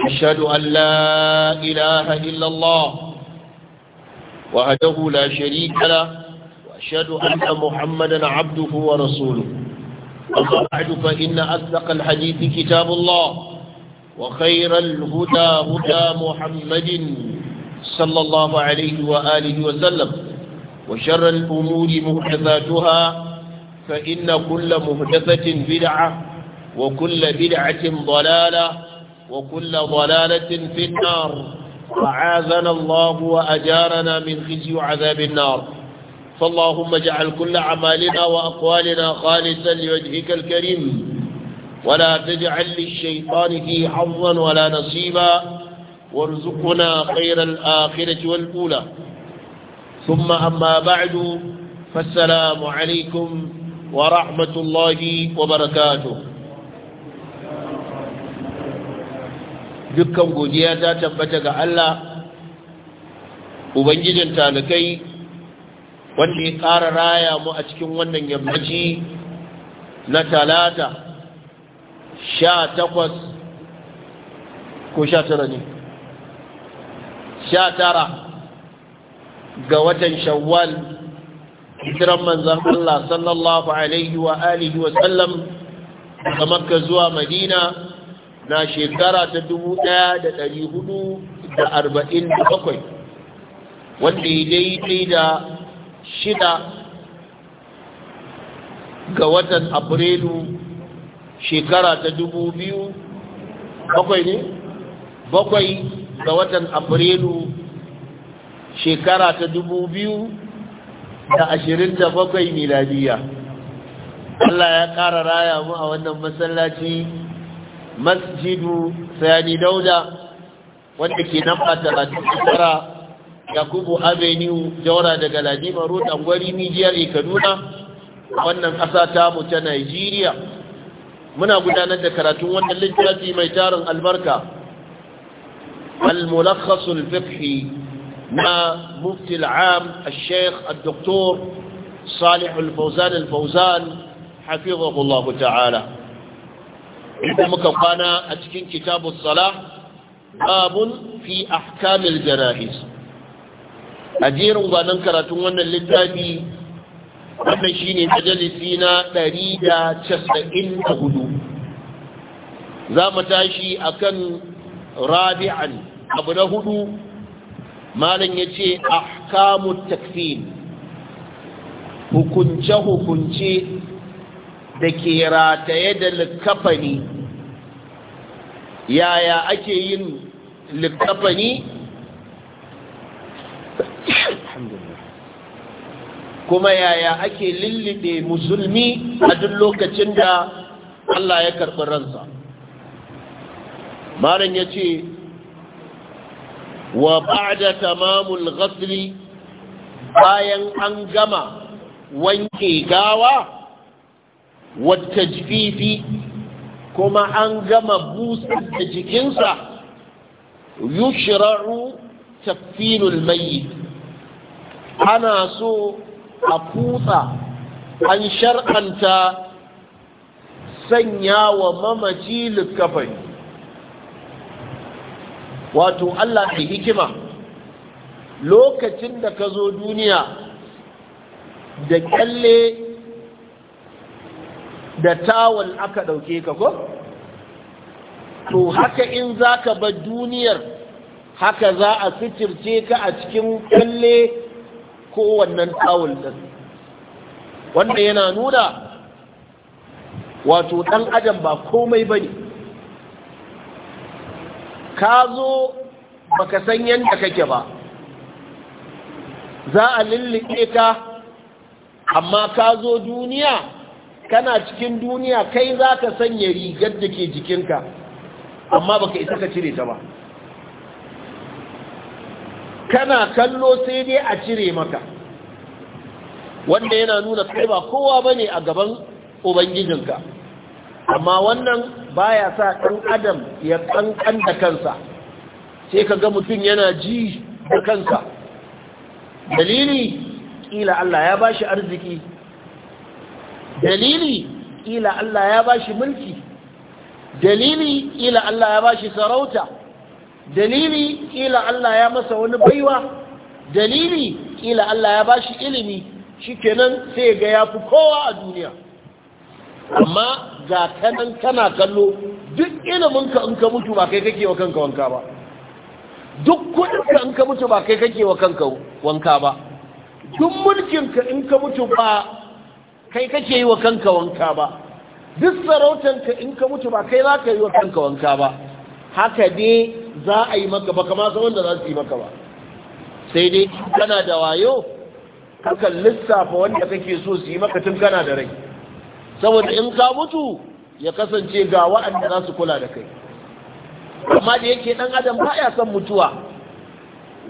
أشهد أن لا إله إلا الله وحده لا شريك له وأشهد أن محمدا عبده ورسوله أما بعد فإن أصدق الحديث كتاب الله وخير الهدى هدى محمد صلى الله عليه وآله وسلم وشر الأمور محدثاتها فإن كل محدثة بدعة وكل بدعة ضلالة وكل ضلالة في النار وعاذنا الله وأجارنا من خزي عذاب النار فاللهم اجعل كل عمالنا وأقوالنا خالصا لوجهك الكريم ولا تجعل للشيطان فيه حظا ولا نصيبا وارزقنا خير الآخرة والأولى ثم أما بعد فالسلام عليكم ورحمة الله وبركاته dukkan godiya ta tabbata ga Allah ubangijin talakai wanda ya ƙara raya mu a cikin wannan yammaci na talata sha takwas ko sha tara ne sha tara ga watan shawwal hijiran manzan Allah sallallahu alaihi wa alihi wa sallam daga makka zuwa madina na shekara ta dubu ɗaya da da hudu arba'in bakwai, wanda ya daidai da shida ga watan afrilu shekara ta dubu biyu bakwai ne bakwai ga watan afrilu shekara ta dubu biyu da ashirin da bakwai miladiya Allah ya ƙara raya mu a wannan masallaci masjidu sani dauda wanda ke a tara yakubu avenue jaura daga ladima road angwari nijiyar kaduna wannan ƙasa ta ta nigeria muna gudanar da karatun wannan littafi mai tarin albarka al-mulakhas al na mufti al-am al-sheikh al-doktor salih ta'ala inda muka kwana a cikin kitabun sala babun fi ahkamil jana'is a jerin gwanon karatun wannan littafi wannan shine majalisi na 194 za mu tashi a kan rabi'an abu na hudu malam ya ce ahkamun takfin hukunce-hukunce da ke rataye da likafani yaya ake yin likafani kuma yaya ake lullube musulmi a duk lokacin da Allah ya karɓi ransa malam ya ce wa ba'da tamamul ghasli bayan an gama wanke gawa والتجفيف كما أنقم بوسا جكنسا يشرع تكفين الميت أنا سو أفوطا أن شرعا sanya wa mamaci likafai wato Allah ke hikima lokacin da ka zo duniya da kyalle da tawul aka ɗauke ka ko? to haka in zaka ba duniyar haka za a fitirce ka a cikin kalle ko wannan tawul din wanda yana nuna wato ɗan adam ba komai bane ne ka zo baka san yadda kake ba za a lullube ka amma ka zo duniya kana cikin duniya kai za ka sanya rigar da ke jikinka amma baka isa ka cire ta ba kana kallo sai dai a cire maka wanda yana nuna kai ba kowa ba ne a gaban ubangijinka amma wannan baya sa ɗan adam ya ƙanƙan da kansa sai ka ga mutum yana ji da kansa dalili ƙila Allah ya ba shi arziki dalili ila Allah ya bashi mulki dalili ila Allah ya bashi sarauta dalili ila Allah ya masa wani baiwa dalili ila Allah ya bashi ilimi shikenan sai ga yafi kowa a duniya amma ga kanan kana kallo duk iliminka in ka mutu ba kai kake wa kanka wanka ba duk kudinka in ka mutu ba kai kake wa kanka wanka ba duk mulkin ka in ka mutu ba kai kake yi wa kanka wanka ba duk sarautar ka in ka mutu ba kai za ka yi wa kanka wanka ba haka ne za a yi maka ba kama sa wanda za su yi maka ba sai dai kana da wayo kakan lissafa wanda kake so su yi maka tun kana da rai saboda in ka mutu ya kasance ga wa'anda za su kula da kai amma da yake ɗan adam ba ya son mutuwa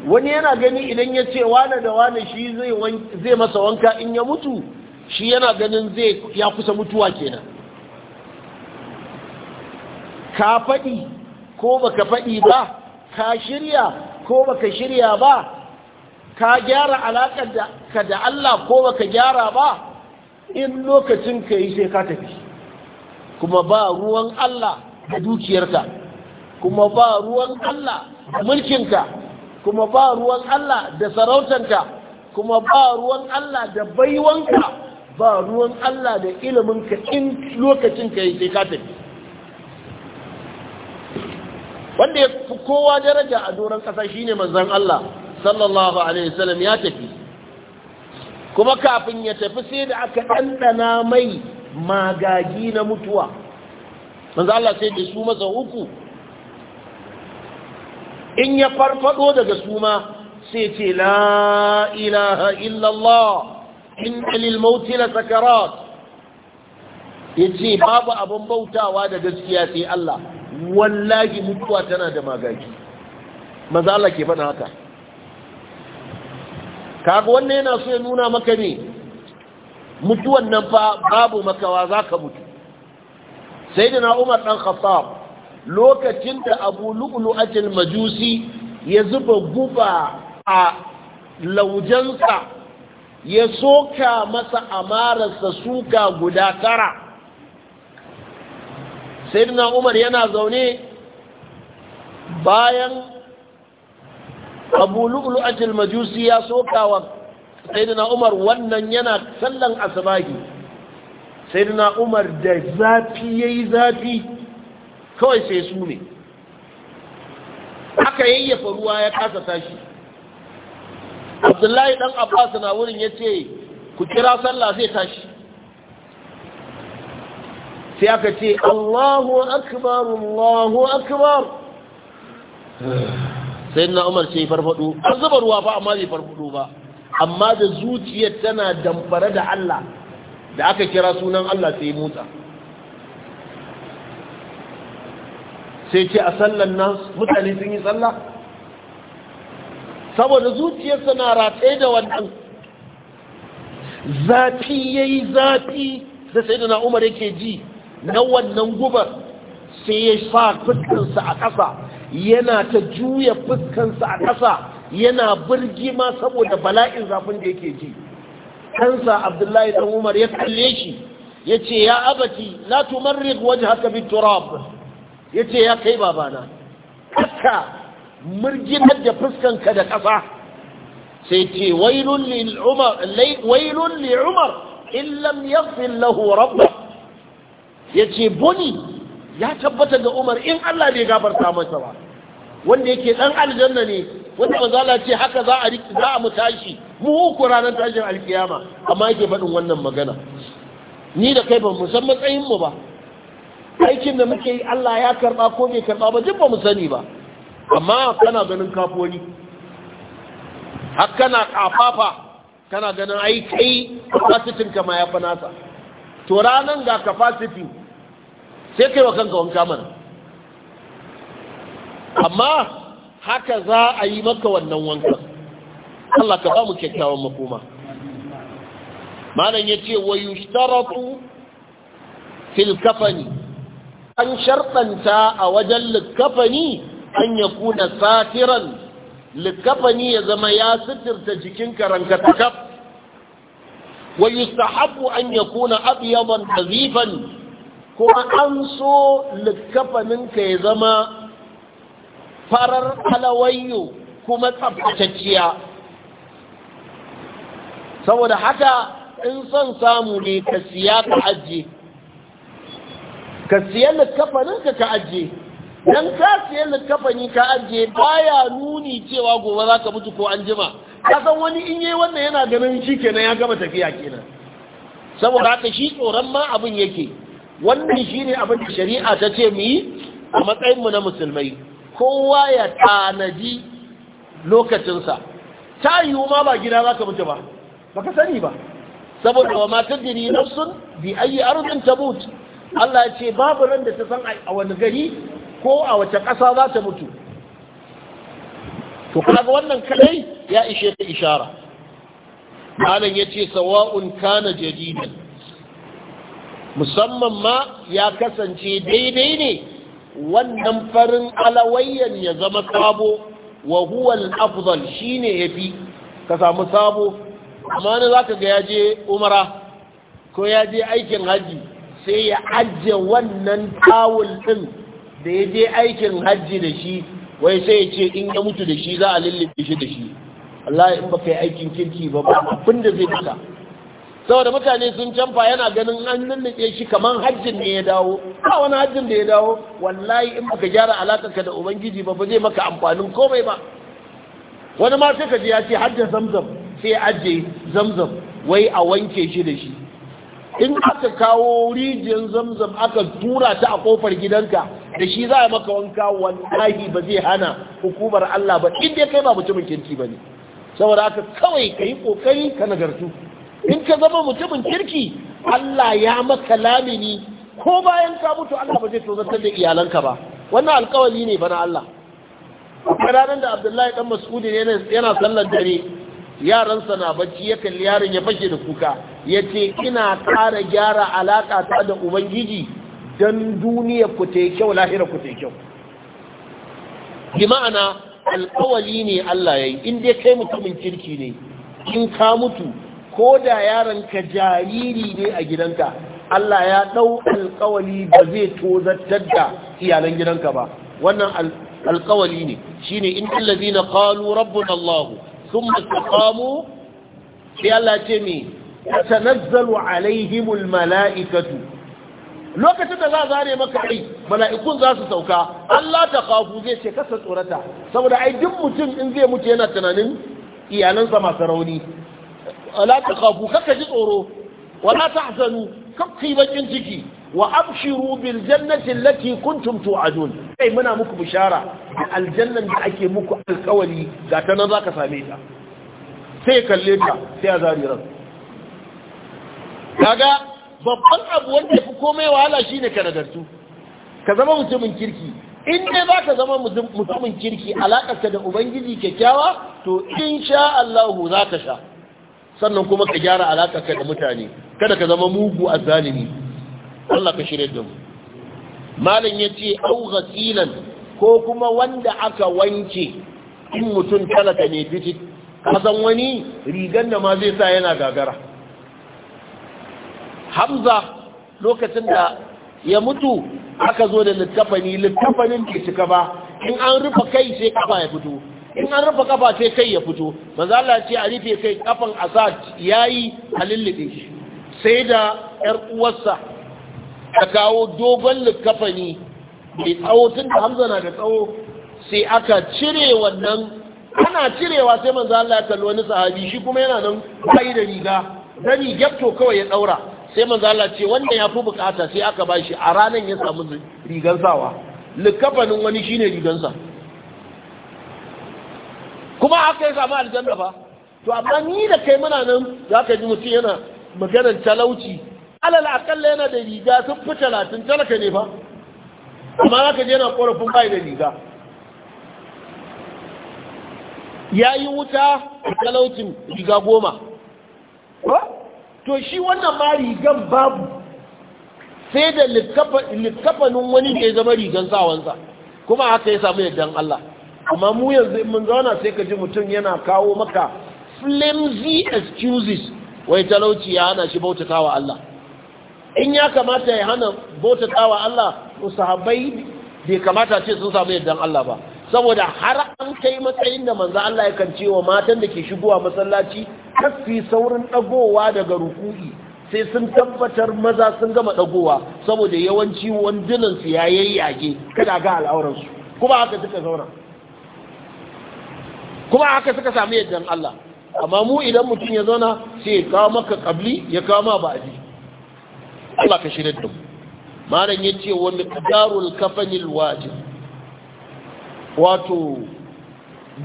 wani yana gani idan ya ce wane da wane shi zai masa wanka in ya mutu shi yana ganin zai ya kusa mutuwa kenan ka faɗi ko baka faɗi ba ka shirya ko baka shirya ba ka gyara alaƙar ka da Allah ko baka gyara ba in lokacin ka yi sai ka tafi kuma ba ruwan Allah da dukiyarka kuma ba ruwan Allah da mulkinka kuma ba ruwan Allah da sarautanka kuma ba ruwan Allah da baiwanka ba ruwan Allah da ilimin in lokacin ka yi ka tafi wanda ya fi kowa daraja a doron ƙasa shine manzon Allah sallallahu alaihi wasallam ya tafi kuma kafin ya tafi sai da aka ɗanɗana mai magagi na mutuwa manzon Allah sai da su masa uku in ya farfado daga suma sai ce la ilaha illallah in dalil mauti la sakarat yace babu abin bautawa da gaskiya sai Allah wallahi mutuwa tana da magagi manzo Allah ke faɗa haka kaga wannan yana so ya nuna maka ne mutuwan nan fa babu makawa zaka mutu sayyidina Umar dan Khattab lokacin da Abu Lu'lu'atul Majusi ya zuba guba a laujansa ya soka masa amararsa suka guda tara sayyidina umar yana zaune bayan abu lu'lu'atul majusi ya soka wa umar wannan yana sallan asabari. sayyidina umar da zafi ya yi zafi kawai sai su ne aka yayyafa ruwa ya kasa tashi abdullahi ɗan abbas na wurin ya ce ku kira sallah zai tashi sai aka ce allahu akbar allahu akbar sai na umar ce farfaɗo an zuba ruwa ba amma zai farfaɗo ba amma da zuciyar tana damfare da allah da aka kira sunan allah sai motsa sai ce a sallan nan mutane sun yi sallah saboda zuciyarsa na ratse da wannan zafi ya yi zafi da sai da na'umar yake ji na wannan gubar sai ya sa fuskansa a ƙasa yana ta juya fuskansa a ƙasa yana birgima saboda bala'in zafin da yake ji kansa abdullahi ɗan umar ya kalle shi ya ce ya abati la tumarrik waje haka bi turab ya ce ya kai babana ƙasa Murjinar da fuskanka da ƙasa sai ce wailun li umar wailun li umar lahu rabba yace boni ya tabbata ga umar in Allah bai gafarta masa ba wanda yake dan aljanna ne wanda manzala ce haka za a za mu tashi mu uku ranar tashin alkiyama amma yake faɗin wannan magana ni da kai ba mu san matsayin mu ba aikin da muke yi Allah ya karba ko bai karba ba duk ba mu sani ba amma kana ganin kafoni har kana kafafa kana ganin ai kai kama ya fi nasa to ranan ga kafasiti sai kai wa kanka wanka mana amma haka za a yi maka wannan wankan Allah ka ba mu kyakkyawan makoma malam yace wa yushtaratu fil kafani an sharɗanta a wajen likafani an ya kuna satiran likafani ya zama ya sitirta jikin karanka takaf wa yustahabbu an ya kuna abiyaban tazifan kuma an so likafaninka ya zama farar alawayyo kuma tsabtacciya saboda haka in son samu ne ka siya ka ajiye ka siya likafaninka ka ajiye dan ka siya kafani ka ajiye baya nuni cewa gobe za ka mutu ko an jima san wani in yi wannan yana ganin shi kenan ya gama tafiya kenan saboda haka shi tsoron ma abin yake wannan shi ne abin da shari'a ta ce mu yi a matsayinmu na musulmai kowa ya tanaji lokacinsa ta yi ma ba gida za ka mutu ba ba ka sani ba saboda wa matar jiri nafsun bi ayi arzin tabut Allah ya ce babu ran da ta san a wani gari ko a wace ƙasa za ta mutu to kaga wannan kadai ya ishe ta ishara malam yace sawa'un kana jadidan musamman ma ya kasance daidai ne wannan farin alawayyan ya zama sabo wa huwa afdal shine yafi ka samu sabo amma ne zaka ga yaje umara ko yaje aikin haji sai ya ajje wannan tawul din da ya je aikin hajji da shi wai sai ya ce in ya mutu da shi za a lullube shi da shi Allah in ba kai aikin kirki ba ba abin da zai duka saboda mutane sun canfa yana ganin an lullube shi kamar hajjin ne ya dawo ba wani hajjin da ya dawo wallahi in baka gyara ka da ubangiji ba ba zai maka amfanin komai ba wani ma sai ka ji ya ce hajjin zamzam sai ajiye zamzam wai a wanke shi da shi in aka kawo rijiyar zamzam aka tura ta a kofar gidanka da shi za a maka wanka wallahi ba zai hana hukumar Allah ba inda kai ba mutumin kirki ba ne saboda haka kawai ka yi ƙoƙari ka nagartu in ka zama mutumin kirki Allah ya maka lamini ko bayan ka mutu Allah ba zai tozartar da iyalanka ba wannan alkawali ne bana Allah ranar da Abdullahi dan Mas'udi yana sallar dare yaransa na bacci ya kalli yaron ya fashe da kuka ya ce ina ƙara gyara alaƙa ta da ubangiji don duniya ku ta kyau lahira ku ta kyau bi ma'ana alkawali ne Allah ya yi in dai kai mutumin kirki ne in ka mutu ko da yaron ka jariri ne a gidanka Allah ya ɗau alkawali ba zai tozartar da iyalan gidanka ba wannan alkawali ne shine in na qalu rabbuna Allah thumma istaqamu sai Allah ce me tanazzalu alaihimul mala'ikatu lokacin da za a zane maka ai mala'ikun za su sauka Allah ta kafu zai ce kasa tsorata saboda ai duk mutum in zai mutu yana tunanin iyalansa masu rauni allah ta kafu kaka ji tsoro wala ta hasanu kakki bakin ciki wa abshiru bil jannati allati kuntum tu'adun kai muna muku bishara da aljannan da ake muku alkawari ga ta nan zaka same ta sai kalle ta sai a zari ran kaga babban abu wanda fi komai wahala shine ka nagartu ka zama mutumin kirki in dai ba ka zama mutumin kirki alaƙarka da ubangiji kyakkyawa to in sha Allahu za ka sha sannan kuma ka gyara alaƙarka da mutane kada ka zama mugu a zalimi Allah ka shirya da mu malam ya ce au ghasilan ko kuma wanda aka wanke in mutum talaka ne fitit kasan wani rigan da ma zai sa yana gagara hamza lokacin da ya mutu aka zo da littafani littafanin ke cika ba in an rufe kai sai kafa ya fito in an rufe kafa sai kai ya fito maza Allah ce a rufe kai kafan Asad yayi a lullube sai da yar uwarsa ta kawo dogon littafani mai tsawo tun da Hamza na da tsawo sai aka cire wannan ana cirewa sai manzo Allah ya kalli wani sahabi shi kuma yana nan bai da riga dani rigar kawai ya daura sai manzo Allah ce wanda ya fi bukata sai aka bashi a ranar ya samu rigan sawa likafanin wani shine rigan sa kuma aka yi samu aljanna fa to amma ni da kai muna nan za ka ji mutum yana maganar talauci alal akalla yana da riga sun fi talatin talaka ne fa amma ka ji yana korafin bai da riga ya yi wuta talaucin riga goma to shi wannan ma rigan babu sai da likafanin wani da ya zama rigan sawansa kuma haka ya samu yadda Allah amma mu yanzu mun zauna sai ka ji mutum yana kawo maka flimsy excuses wai talauci ya hana shi bautata wa Allah in ya kamata ya hana bautata wa Allah to sahabbai bai kamata ce sun samu yadda Allah ba saboda har an kai matsayin da manzo Allah ya kance wa matan da ke shigowa masallaci kasfi saurin ɗagowa daga ruku'i sai sun tabbatar maza sun gama ɗagowa saboda yawanci wandunansu ya yayyage kada ga al'auransu kuma haka suka zauna kuma haka suka sami yadda Allah amma mu idan mutum ya zauna sai ya kawo maka kabli ya kawo ma ba'adi Allah ka shirin da mu malam yace Wani miqdarul kafanil wajib wato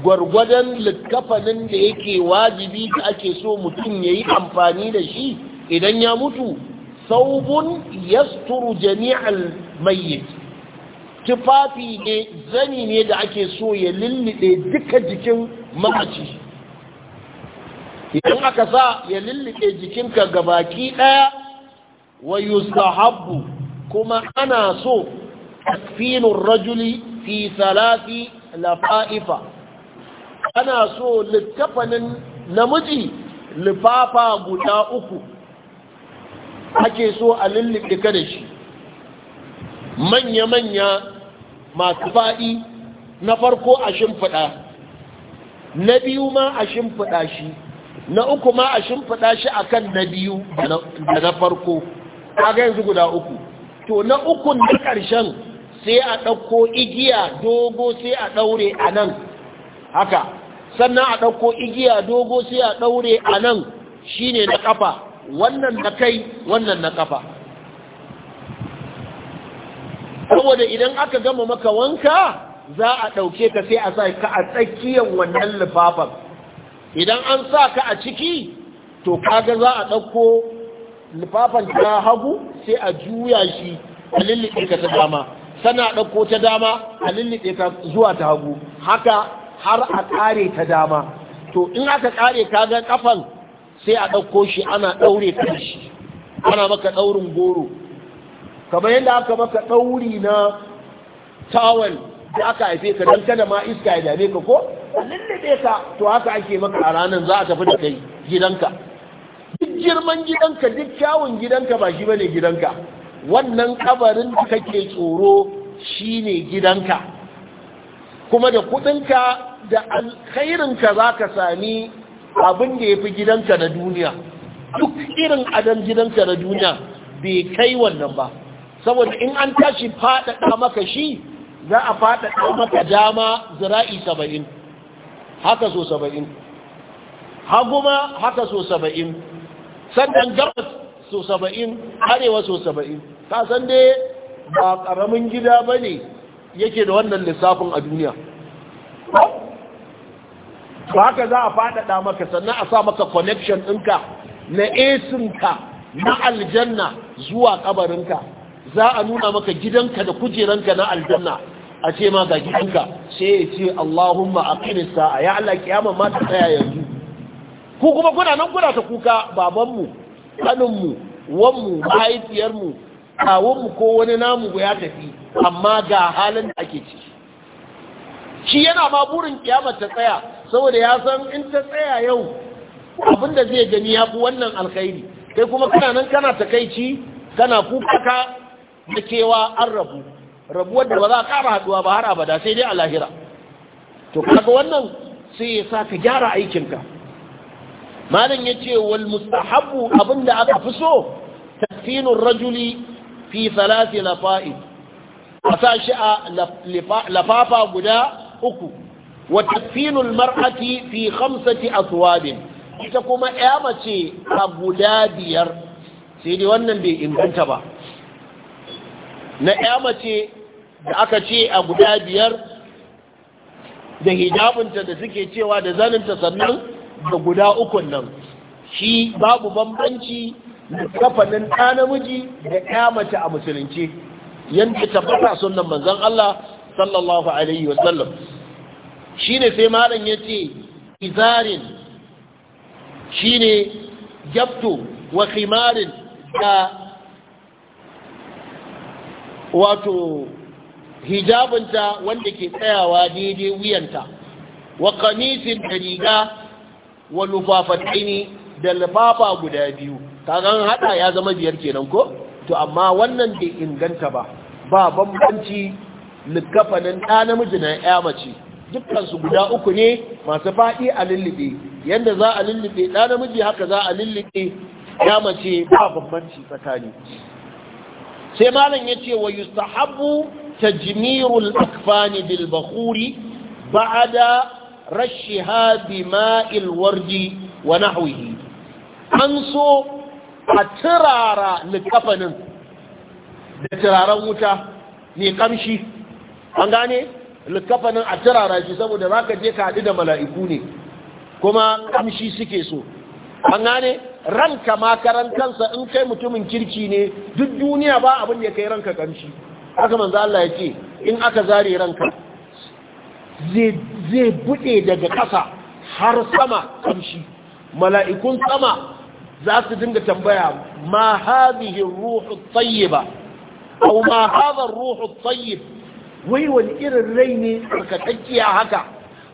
gwargwadon littafanin da yake wajibi da ake so mutum ya yi amfani da shi idan ya mutu saubun yasturu jami'al mayyit tufafi ne zani ne da ake so ya lullube duka jikin mamaci idan aka sa ya lullube jikinka gabaki daya wa yustahabbu kuma ana so takfinu rajuli fi salati lafa'ifa ana so littafanin namiji lifafa guda uku ake so a lullika da shi manya-manya masu faɗi na farko a shimfiɗa na biyu ma a shimfiɗa shi na uku ma a shimfiɗa shi a kan na biyu da na farko kaga yanzu guda uku to na ukun na ƙarshen sai a ɗauko igiya dogo sai a ɗaure a nan haka sannan a ɗauko igiya dogo sai a ɗaure a nan shi ne na ƙafa wannan na kai wannan na ƙafa saboda idan aka gama maka wanka za a ɗauke ka sai a sa ka a tsakiyar wannan lufafan idan an sa ka a ciki to kaga za a ɗauko lufafan ta hagu sai a juya shi a lullube ka ta dama sana ɗauko ta dama a lullube ka zuwa ta hagu haka har a ƙare ta dama to in aka ƙare kaga kafan sai a ɗauko shi ana ɗaure ta shi ana maka ɗaurin goro kamar yadda aka maka ɗauri na tawal da aka haife ka don kada ma iska ya dame ka ko lullube ka to haka ake maka a ranar za a tafi da kai gidanka duk girman gidanka duk kyawun gidanka ba shi bane gidanka wannan kabarin da kake tsoro shine gidanka kuma da kudinka da alkhairinka za ka sami abin da ya fi gidanka na duniya duk irin adon gidanka na duniya bai kai wannan ba saboda in an tashi faɗaɗa maka shi za a faɗaɗa maka dama zira'i saba'in haka so saba'in haguma haka so saba'in sannan gabas so saba'in arewa so saba'in ta san dai ba ƙaramin gida ba ne yake da wannan lissafin a duniya to haka za a faɗaɗa maka sannan a sa maka connection ɗinka na esinka na aljanna zuwa ƙabarinka za a nuna maka gidanka da kujeranka na aljanna a ce ma ga gidanka sai ya ce Allahumma a aqimis a ya Allah kiyama ma ta tsaya yanzu ku kuma kuna nan kuna ta kuka babanmu ɗaninmu wanmu mahaifiyarmu kawunmu ko wani namu ya tafi amma ga halin da ake ciki shi yana ma burin kiyama ta tsaya saboda ya san in ta tsaya yau abin da zai gani ya fi wannan alkhairi kai kuma kana nan kana takaici kana kuka da kewa an rabu rabuwar da ba za a ƙara ba har abada sai dai a lahira to kaga wannan sai ya sa ka gyara aikinka malam ya ce wal mustahabu abin da aka fi so tafinun rajuli fi salati lafa'i a sa shi a lafafa guda uku wa tafinul mar'ati fi khamsati aswadin ita kuma ya mace a guda biyar sai dai wannan bai inganta ba na ya mace da aka ce a guda biyar da hijabinta da suke cewa da zaninta sannan da guda ukun nan shi babu bambanci da kafanin ɗa namiji da ya mace a musulunci yadda tabbata sunan manzon Allah sallallahu alaihi wasallam shine sai malam ya ce izarin shine gyabto wa khimarin da wato hijabinta wanda ke tsayawa daidai wuyanta wa kamisin da riga wa lufafatini da lufafa guda biyu kagan hada ya zama biyar kenan ko to amma wannan da inganta ba ba bambanci likafanin ɗa namiji na ya mace dukkansu guda uku ne masu faɗi a lullube yadda za a lullube ɗa namiji haka za a lullube ya mace ba bambanci tsakani sai malam ya ce wa yustahabu tajmirul akfani bil bakhuri ba'da rashiha bima'il warji wa nahwihi an so a turara likafanin da turaren wuta mai kamshi an gane likafanin a turara shi saboda za ka je ka haɗu da mala'iku ne kuma kamshi suke so an gane ranka makarantarsa in kai mutumin kirki ne duk duniya ba abin da kai ranka kamshi haka manzo Allah ya ce in aka zare ranka zai buɗe daga ƙasa har sama kamshi mala'ikun sama za su dinga tambaya ma hadhihi ruhu tayyiba aw wai wani irin rai ne tsarkakakkiya haka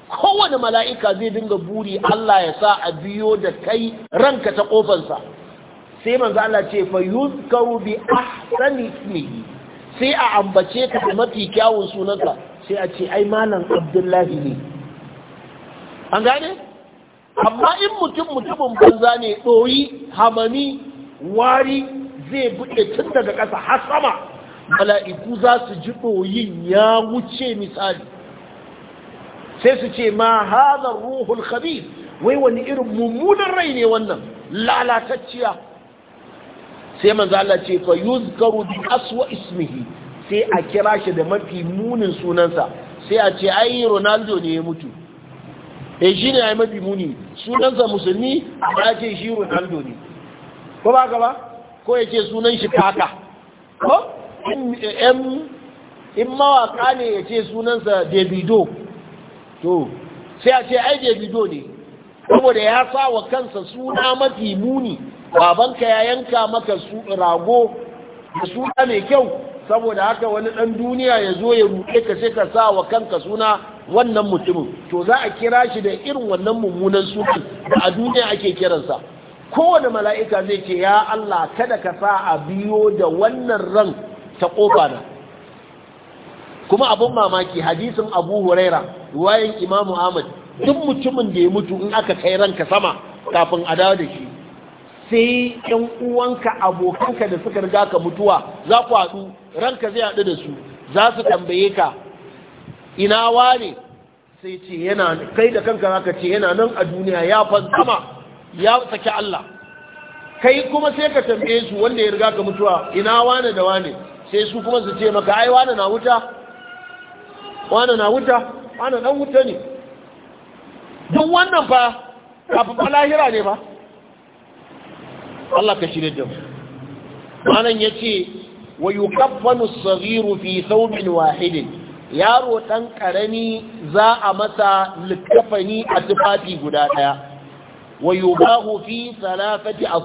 kowane mala'ika zai dinga buri Allah ya sa a biyo da kai ranka ta kofansa sai manzo Allah ce fa yuzkaru bi ahsani ismihi sai a ambace ka da mafi kyawun sunanka sai a ce ai malam Abdullahi ne an gane amma in mutum mutumin banza ne doyi hamani wari zai buɗe tun daga ƙasa har sama mala'iku za su ji ɗoyin ya wuce misali sai su ce ma hada ruhul khabir wai wani irin mummunan rai ne wannan lalatacciya sai manzo Allah ce fa yuzkaru bi aswa ismihi sai a kira shi da mafi munin sunansa sai a ce ai Ronaldo ne ya mutu eh shi ne ai mafi muni sunansa musulmi ba ce shi Ronaldo ne ko ba ka ba ko ya ce sunan shi kaka ko in mawaka ne ya ce sunansa davido to sai a ce ai davido ne saboda ya sa wa kansa suna mafi muni babanka ya yanka maka rago da suna mai kyau saboda haka wani dan duniya ya zo ya ruɗe ka sai ka sa wa kanka suna wannan mutumin to za a kira shi da irin wannan mummunan sunan da a duniya ake kiransa kowane mala'ika zai ce ya Allah kada ka sa a biyo da wannan ran ta ƙofa nan kuma abin mamaki hadisun abu huraira wayan imamu ahmad duk mutumin da ya mutu in aka kai ranka sama kafin a dawo da shi sai yan uwanka abokanka da suka riga ka mutuwa za ku haɗu ranka zai haɗu da su za su tambaye ka ina wane sai ce yana kai da kanka ka ce yana nan a duniya ya fasama ya saki Allah kai kuma sai ka tambaye su wanda ya riga ka mutuwa ina wane da wane sai su kuma su ce maka ai wani na wuta wani na wuta wani dan wuta ne don wannan fa kafin falahira ne ba Allah ka shirya da manan ya ce wa yi kafanu sagiru fi saubin wahidin yaro ɗan ƙarami za a masa littafani a tufafi guda ɗaya wa yi bahu fi salafati a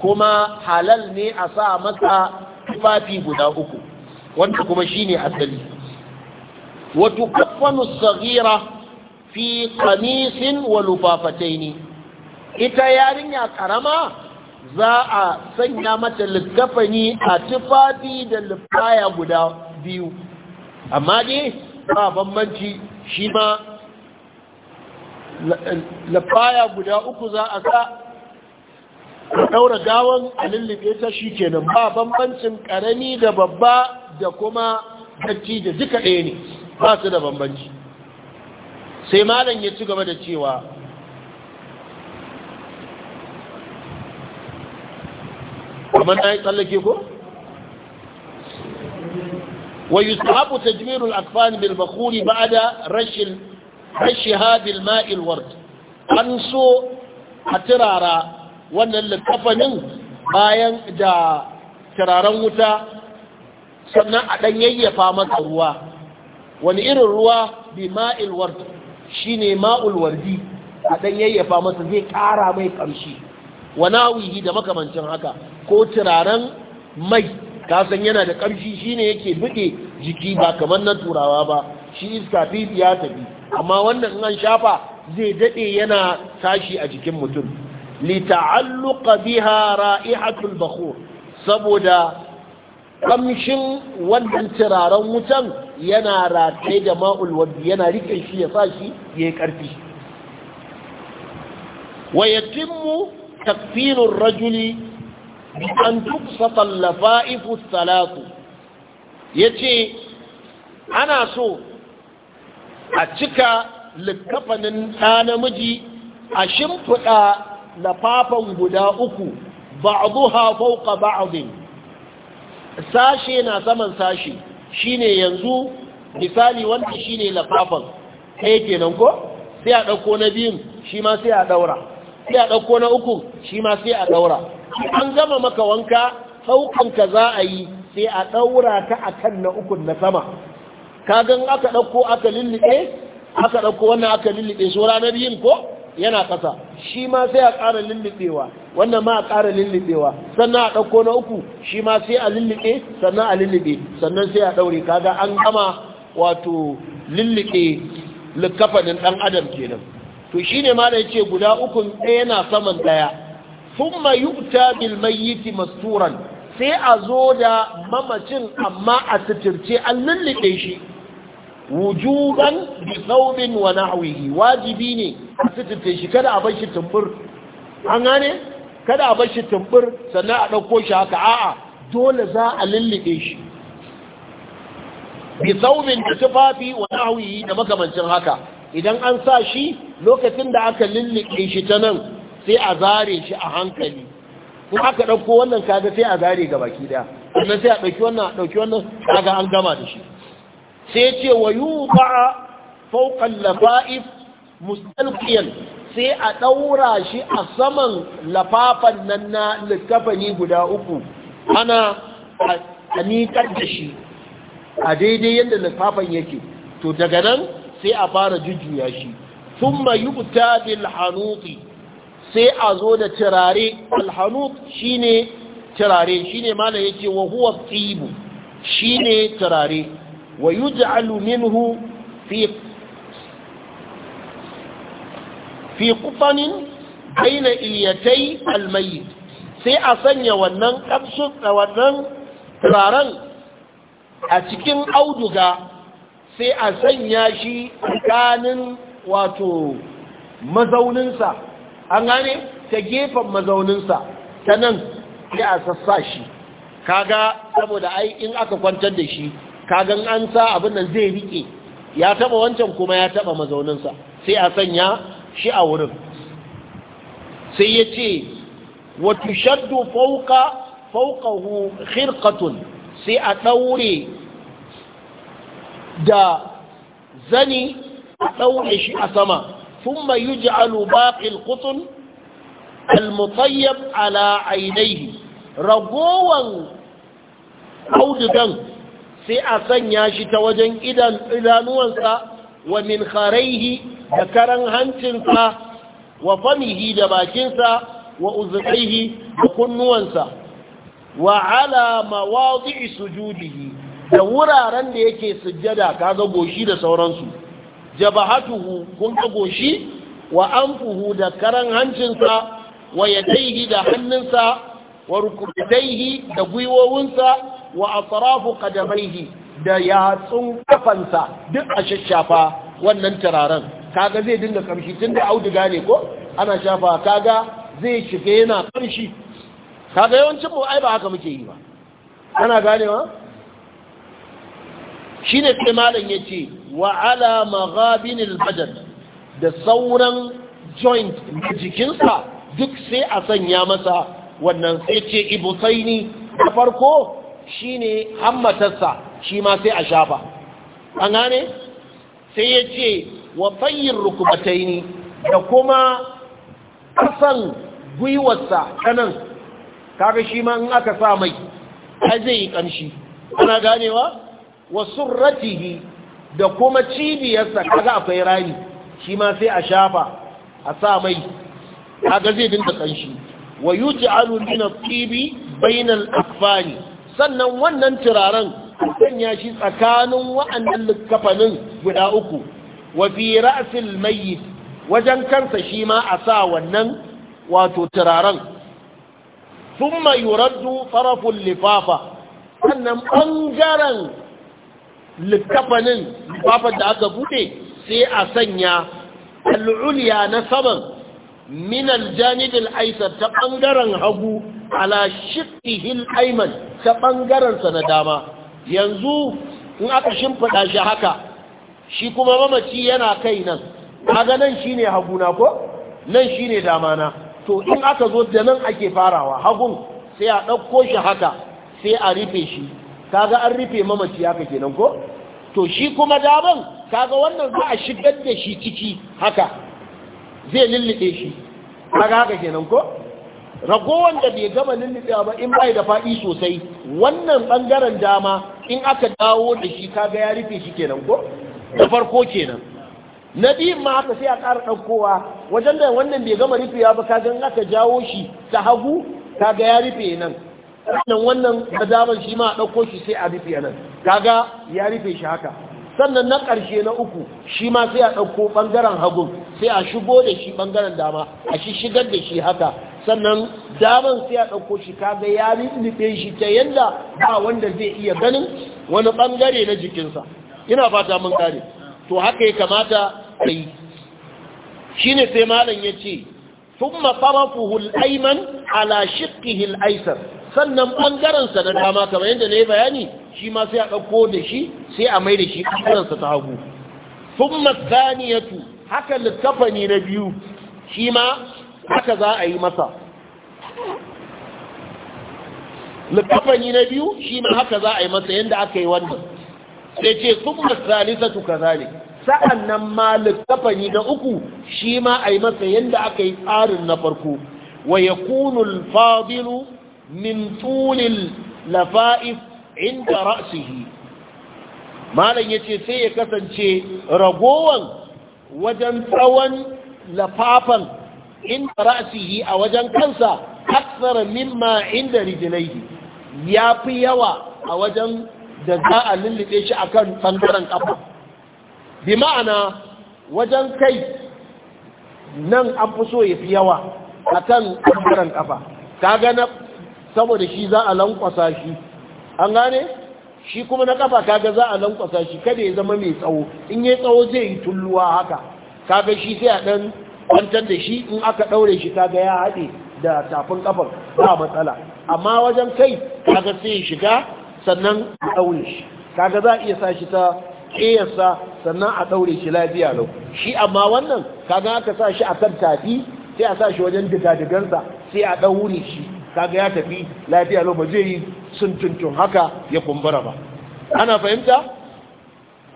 kuma halal ne a sa masa tufafi guda uku wanda kuma shine asali wa tukaffanu saghira fi qamisin wa lufafataini ita yarinya karama za a sanya mata likafani a tufafi da lufaya guda biyu amma dai ba bambanci shi ma lafaya guda uku za a sa ka daura gawan a ta shi kenan ba bambancin karami da babba da kuma datti da duka ɗaya ne ba su da bambanci sai malam ya ci gaba da cewa kamar na yi tsallake ko? ويستحب تجمير الأكفان بالبخور بعد رش رشها an so a turara. wannan littafanin bayan da turaren wuta sannan a ɗan yayyafa masa ruwa wani irin ruwa bi ma'ilwar shi ne ma'ulwar wardi a ɗan yayyafa masa zai ƙara mai ƙamshi wani wuyi da makamancin haka ko turaren mai kasan yana da ƙamshi ne yake buɗe jiki ba kamar na turawa ba shi iska fifi ya tafi amma wannan an shafa zai daɗe yana tashi a jikin mutum lita'alluqa biha ra'ihatul bakhur saboda kamshin wannan turaren wutan yana rataye da ma'ul wadda yana rike shi ya sa shi ya yi ƙarfi wa yatimmu takfirur rajuli bi an tuksata talatu? Ya yace ana so a cika likkafanin ɗa namiji a shimfiɗa lafafan guda uku ba'dhuha fawqa ba'd sashe na saman sashe shine yanzu misali wanda shi ne lafafan kai kenan ko sai a dauko na biyun shi ma sai a daura sai a dauko na uku shi ma sai a daura an gama maka wanka saukan ka za a yi sai a daura ta a kan na ukun na sama kagan aka dauko aka lillibe aka dauko wannan aka lillibe so na biyun ko yana ƙasa shi ma sai a ƙara lullubewa wannan ma a ƙara lullubewa sannan a ɗauko na uku shi ma sai a lullube sannan a lullube sannan sai a ɗaure kaga an gama wato lullube likafanin ɗan adam kenan to shi ne ma da ya ce guda ukun ɗaya na saman ɗaya sun ma yuta bil masturan sai a zo da mamacin amma a suturce an lullube shi wujuban bi thawbin wa nahwihi wajibi ne a sitirce shi kada a bar shi tumbur an gane kada a bar shi tumbur sannan a ɗauko shi haka a'a dole za a lullube shi bi thawbin da tufafi wa nahwihi da makamancin haka idan an sa shi lokacin da aka lullube shi ta nan sai a zare shi a hankali in aka ɗauko wannan kaga sai a zare gaba baki ɗaya sannan sai a ɗauki wannan a ɗauki wannan kaga an gama da shi sai ce wa yuqa fawqa al-lafa'if mustalqiyan sai a ɗaura shi a saman lafafan nan na littafani guda uku ana a nikar da shi a daidai yadda lafafan yake to daga nan sai a fara jujjuya shi sun ma yi wuta sai a zo da turare alhanut shi ne turare shi ne mana yake wa huwa tsibu shi ne turare wa yuj'alu minhu fi fi qutanin baina ilyatai sai a sanya wannan da wannan turaren a cikin auduga sai a sanya shi tsakanin wato mazauninsa an gane ta gefen mazauninsa ta nan sai a sassa shi kaga saboda ai in aka kwantar da shi kagan an sa abin nan zai rike ya taba wancan kuma ya taba mazauninsa sai a sanya shi a wurin sai ya ce wata shaddu fauka faukahu khirqatun sai a ɗaure da zani a ɗaure shi a sama ثم يجعل باقي القطن almutsayyab ala ainihi. ragowan audugan sai a sanya shi ta wajen idanuwansa wa min kharaihi da karan hancinsa wa famihi da bakinsa wa uzurihi da kunnuwansa wa ala mawadi'i sujudihi da wuraren da yake sujjada kaga goshi da sauransu jabahatuhu kun ga goshi wa anfuhu da karan hancinsa wa yadaihi da hannunsa wa rukubataihi da gwiwowinsa wa atrafu qadamaihi da yatsun kafansa duk a shashafa wannan turaren kaga zai dinga kamshi tunda auduga ne ko ana shafa kaga zai shiga yana kamshi kaga yawancin mu ai ba haka muke yi ba ana ganewa shine sai yace wa ala maghabinil badan da sauran joint jikinsa duk sai a sanya masa wannan sai ce ibutaini da farko shine hammatarsa shi ma sai a shafa an gane sai ya ce wa rukubatai ne. da kuma kasan gwiwarsa kanan kaga shi ma in aka sa mai ai zai yi ƙamshi ana ganewa Wasu ratihi da kuma cibiyarsa kaga akwai rani shi ma sai a shafa a sa mai kaga zai dinta kanshi wa yuji alu at-tibi bainan akfani sannan wannan turaren sanya shi tsakanin wa'annan likafanin guda uku wafi fi mayyit wajen kansa shi ma a sa wannan wato turaren thumma yuraddu taraful lifafa sannan ɓangaren likkafanin lifafar da aka bude sai a sanya al'uliya na saman Minal aljanib al ta ɓangaren hagu ala shiɗi al ta ɓangarensa na dama yanzu in aka shimfiɗa shi haka shi kuma mamaci yana kai nan kaga nan shine hagu na ko nan shine dama na to in aka zo da nan ake farawa hagun sai a ɗauko shi haka sai a rufe shi kaga an rufe mamaci haka kenan ko to shi kuma daban kaga wannan za a shigar da shi ciki haka zai lullube shi kaga haka kenan ko ragowar da bai gama lullubewa ba in bai da faɗi sosai wannan bangaren dama in aka dawo da shi kaga ya rufe shi kenan ko da farko kenan na biyun ma haka sai a ƙara ɗaukowa wajen da wannan bai gama rufewa ba kaga in aka jawo shi ta hagu kaga ya rufe nan sannan wannan da daman shi ma a ɗauko shi sai a rufe nan kaga ya rufe shi haka sannan na ƙarshe na uku shi ma sai a ɗauko ɓangaren hagun sai a shigo da shi bangaren dama a shi shigar da shi haka sannan daman sai a ɗauko shi kaga ya rufe shi ta yadda ba wanda zai iya ganin wani bangare na jikinsa ina fata mun kare to haka ya kamata a yi shi ne sai malam ya ce sun mafarafuhu al'aiman ala shirkihi al'aisar sannan ɓangarensa na dama kamar yadda na yi bayani shi ma sai a ɗauko da shi sai a mai da shi ɓangarensa ta hagu sun masaniyatu haka littafani na biyu shi ma haka za a yi masa littafani na biyu shi ma haka za a yi masa yadda aka yi wannan sai ce sun masalisa tuka zane sa'an nan ma littafani na uku shi ma a yi masa yadda aka yi tsarin na farko wa ya kunul fadilu min tulil lafa'if inda ra'asihi malam ya ce sai ya kasance ragowan wajen tsawon lafafan inda ra'asihi a wajen kansa aksara mimma inda rijilai ya fi yawa a wajen da za a lullube shi a kan ɓangaren ƙafa bi ma'ana wajen kai nan an fi so ya fi yawa a kan ɓangaren ƙafa ta gana saboda shi za a lankwasa shi an gane? shi kuma na kafa kaga za a lankwasa shi kada ya zama mai tsawo in ya tsawo zai yi tulluwa haka kaga shi sai a dan kwantar da shi in aka daure shi kaga ya haɗe da tafin kafar ba matsala amma wajen kai kaga sai ya shiga sannan a daure shi kaga za a iya sa shi ta ƙeyarsa sannan a daure shi lafiya lau shi amma wannan kaga aka sa shi a kan tafi sai a sa shi wajen digadigansa sai a daure shi kaga ya tafi lafiya lo ba zai yi sun tuntun haka ya kumbura ba ana fahimta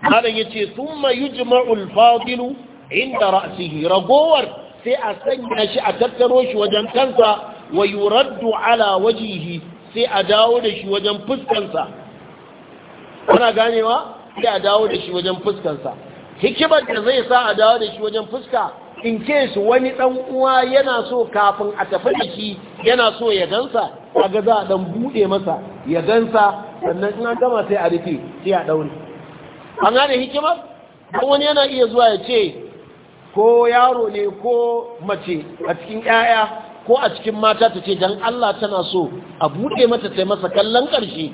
malam yace thumma yujma'u al-fadilu inda ra'sihi ragowar sai a sanya shi a tattaro shi wajen kansa wa yuraddu ala wajhihi sai a dawo da shi wajen fuskansa kuna ganewa sai a dawo da shi wajen fuskansa hikimar da zai sa a dawo da shi wajen fuska in case wani dan uwa yana so kafin a tafi da shi yana so ya gansa ga za a dan bude masa ya gansa sannan ina gama sai a rufe sai a daure an gane hikimar don wani yana iya zuwa ya ce ko yaro ne ko mace a cikin 'ya'ya ko a cikin mata ta ce don Allah tana so a bude mata sai masa kallon ƙarshe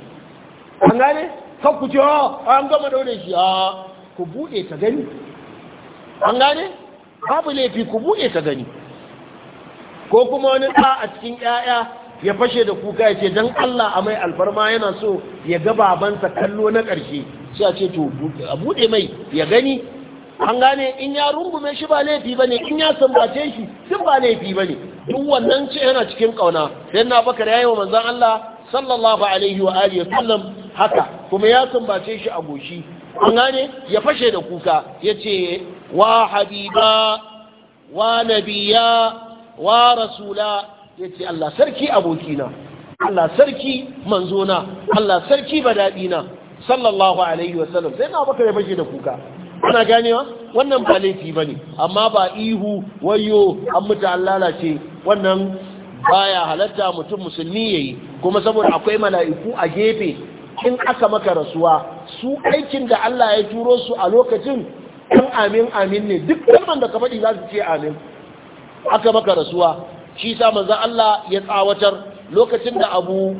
an gane kan ku ce ah, an gama daure shi a ku bude ta gani an gane babu laifi ku buɗe ka gani ko kuma wani ɗa a cikin 'ya'ya ya fashe da kuka ya ce don Allah a mai alfarma yana so ya ga babansa kallo na ƙarshe sai a ce to a buɗe mai ya gani an gane in ya rungume shi ba laifi ba ne in ya sambace shi duk ba laifi ba ne duk wannan ce yana cikin ƙauna sai na bakar ya yi wa manzan Allah sallallahu alaihi wa alihi sallam haka kuma ya sambace shi a goshi an gane ya fashe da kuka ya ce وحبيبا ونبيا ورسولا يتي الله سركي أبوكينا الله سركي منزونا الله سركي بدائنا صلى الله عليه وسلم سيدنا أبو بكر يبجي دفوكا ana ganewa wannan ba laifi ba ne amma ba ihu wayo an mutu an lalace wannan baya halatta mutum musulmi ya yi kuma saboda akwai mala'iku a gefe in aka maka rasuwa su aikin da Allah ya turo su a lokacin ɗan amin amin ne duk kalman da ka faɗi za su ce amin aka maka rasuwa shi sa manzan Allah ya tsawatar lokacin da abu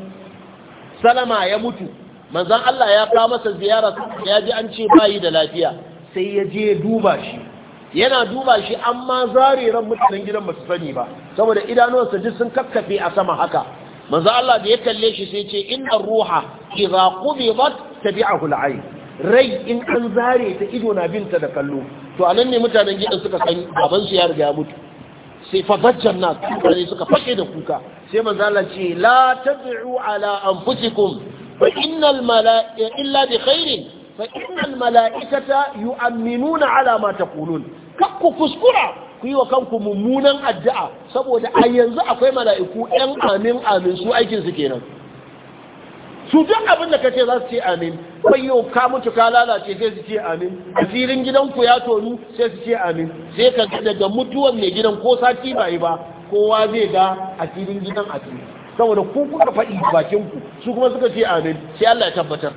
salama ya mutu manzan Allah ya kawo masa ziyara ya ji an ce bayi da lafiya sai ya je duba shi yana duba shi amma zariran mutanen gidan basu sani ba saboda idanuwansa duk sun kakkafe a sama haka manzan Allah da ya kalle shi sai ce inna ruha idza qubidat tabi'ahu al'ayn rai in an zare ta ido na binta da kallo to anan ne mutanen gidan suka san baban su ya riga mutu sai fa bajjan na kare suka fake da kuka sai manzo Allah ce la tad'u ala anfusikum fa innal mala'ika illa bi khairin fa innal mala'ikata yu'minuna ala ma taqulun kakku kuskura ku yi wa kanku mummunan addu'a saboda a yanzu akwai mala'iku ɗan amin amin su aikin su kenan su duk abin da kace za su ce amin yau ka mutu ka lalace sai su ce amin asirin gidanku ya tonu sai su ce amin sai ka daga mutuwan mai gidan ko sati ba yi ba kowa zai ga asirin gidan a cikin saboda ku kuka faɗi bakin ku su kuma suka ce amin sai Allah ya tabbatar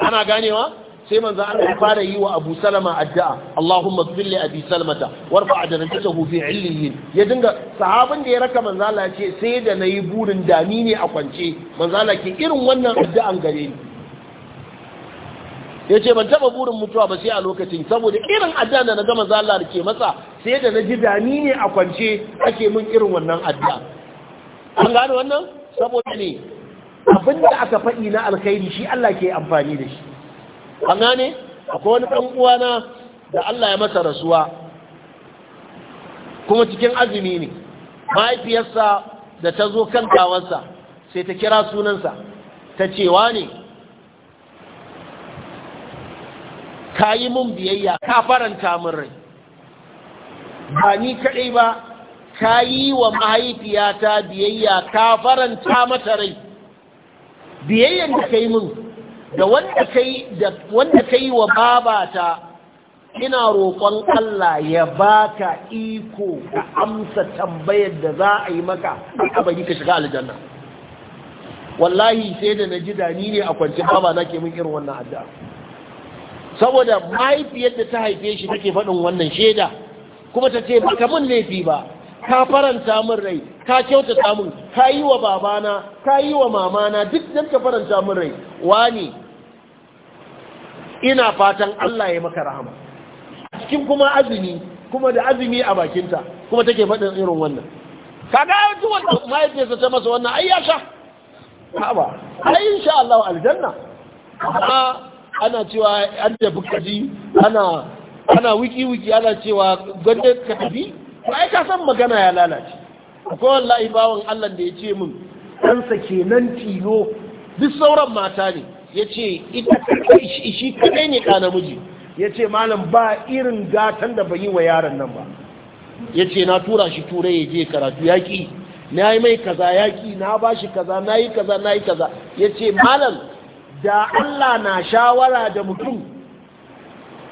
ana ganewa sai manzo Allah ya fara yi wa Abu Salama addu'a Allahumma ighfir li Abi Salamata warfa darajatahu fi 'illiyin ya dinga sahabin da ya raka manzo Allah ce sai da nayi burin dani ne a kwance manzo Allah ke irin wannan addu'an gare ni yace ban taba burin mutuwa ba sai a lokacin saboda irin addu'a da naga manzo Allah ke masa sai da naji dani ne a kwance ake mun irin wannan addu'a an gane wannan saboda ne abinda aka faɗi na alkhairi shi Allah ke amfani da shi an gane akwai wani ɗan uwana da Allah ya masa rasuwa kuma cikin azumi ne mahaifiyarsa da ta zo kan kawansa sai ta kira sunansa ta cewa ne ka yi mun biyayya ka faranta min rai ba ni kaɗai ba ka yi wa mahaifiyata biyayya ka faranta mata rai biyayyan da ka yi mun da wanda kai da wa babata ina roƙon Allah ya baka iko ka amsa tambayar da za a yi maka a bari ka shiga aljanna wallahi sai da na ji dani ne a kwanci baba na ke min irin wannan addu'a saboda mahaifiyar da ta haife shi take faɗin wannan shaida kuma ta ce baka mun laifi ba ka faranta min rai ka kyauta min ka yi wa babana ka yi wa mamana duk da ka faranta min rai wani ina fatan Allah ya maka rahama cikin kuma azumi kuma da azumi a bakinta kuma take faɗin irin wannan kaga yanzu wannan mahaifiyarsa ta masa wannan ayyasha ya sha haba ai insha Allah aljanna amma ana cewa an tafi kaji ana ana wiki wiki ana cewa gwanda ka tafi to ai ka san magana ya lalace akwai wallahi bawan Allah da ya ce min ɗansa kenan tilo duk sauran mata ne ya ce shi kaɗai ne ɗa namiji ya ce malam ba irin gatan da ban yi wa yaron nan ba ya ce na tura shi turai ya je karatu yaƙi na yi mai kaza yaƙi na ba shi kaza na yi kaza na yi kaza ya ce malam da Allah na shawara da mutum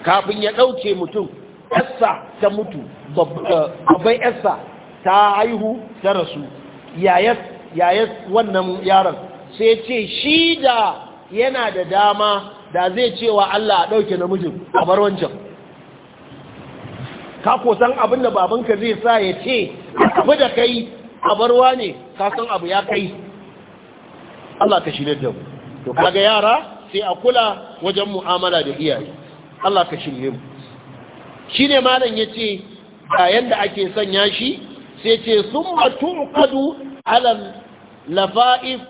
kafin ya ɗauke mutum yarsa ta mutu eh, babban yarsa ta haihu ta rasu yayas wannan yaron sai ce shi da yana da dama da zai cewa Allah a ɗauke namijin a bar wancan ka kosan abin da babanka zai sa ya ce abu da kai a barwa ne kasan abu ya kai Allah ka shirya da mu to kaga yara sai a kula wajen mu'amala da iyaye Allah ka shirya mu Shi ne malam ce, bayan da ake sanya shi sai ce matu kadu, ala lafaif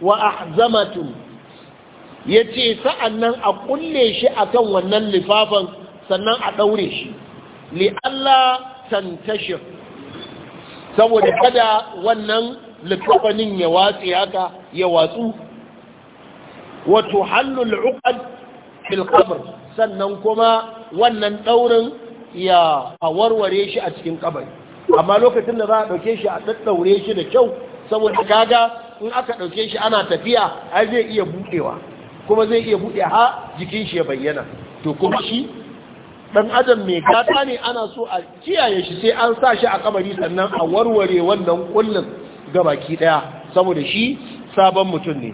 wa ahzamatu yace sa'annan a kulle shi a kan wannan lifafan sannan a ɗaure shi li can tantashir saboda kada wannan lifafanin ya watsi haka ya watsu wato hannun uqad fil sannan kuma wannan ɗaurin ya a warware shi a cikin kabari amma lokacin da za a ɗauke shi a ɗaɗɗaure shi da kyau saboda kaga in aka ɗauke shi ana tafiya ai zai iya buɗewa kuma zai iya buɗe ha jikin shi ya bayyana to kuma shi ɗan adam mai gata ne ana so a kiyaye shi sai an sa shi a kabari sannan a warware wannan kullum ga baki ɗaya saboda shi sabon mutum ne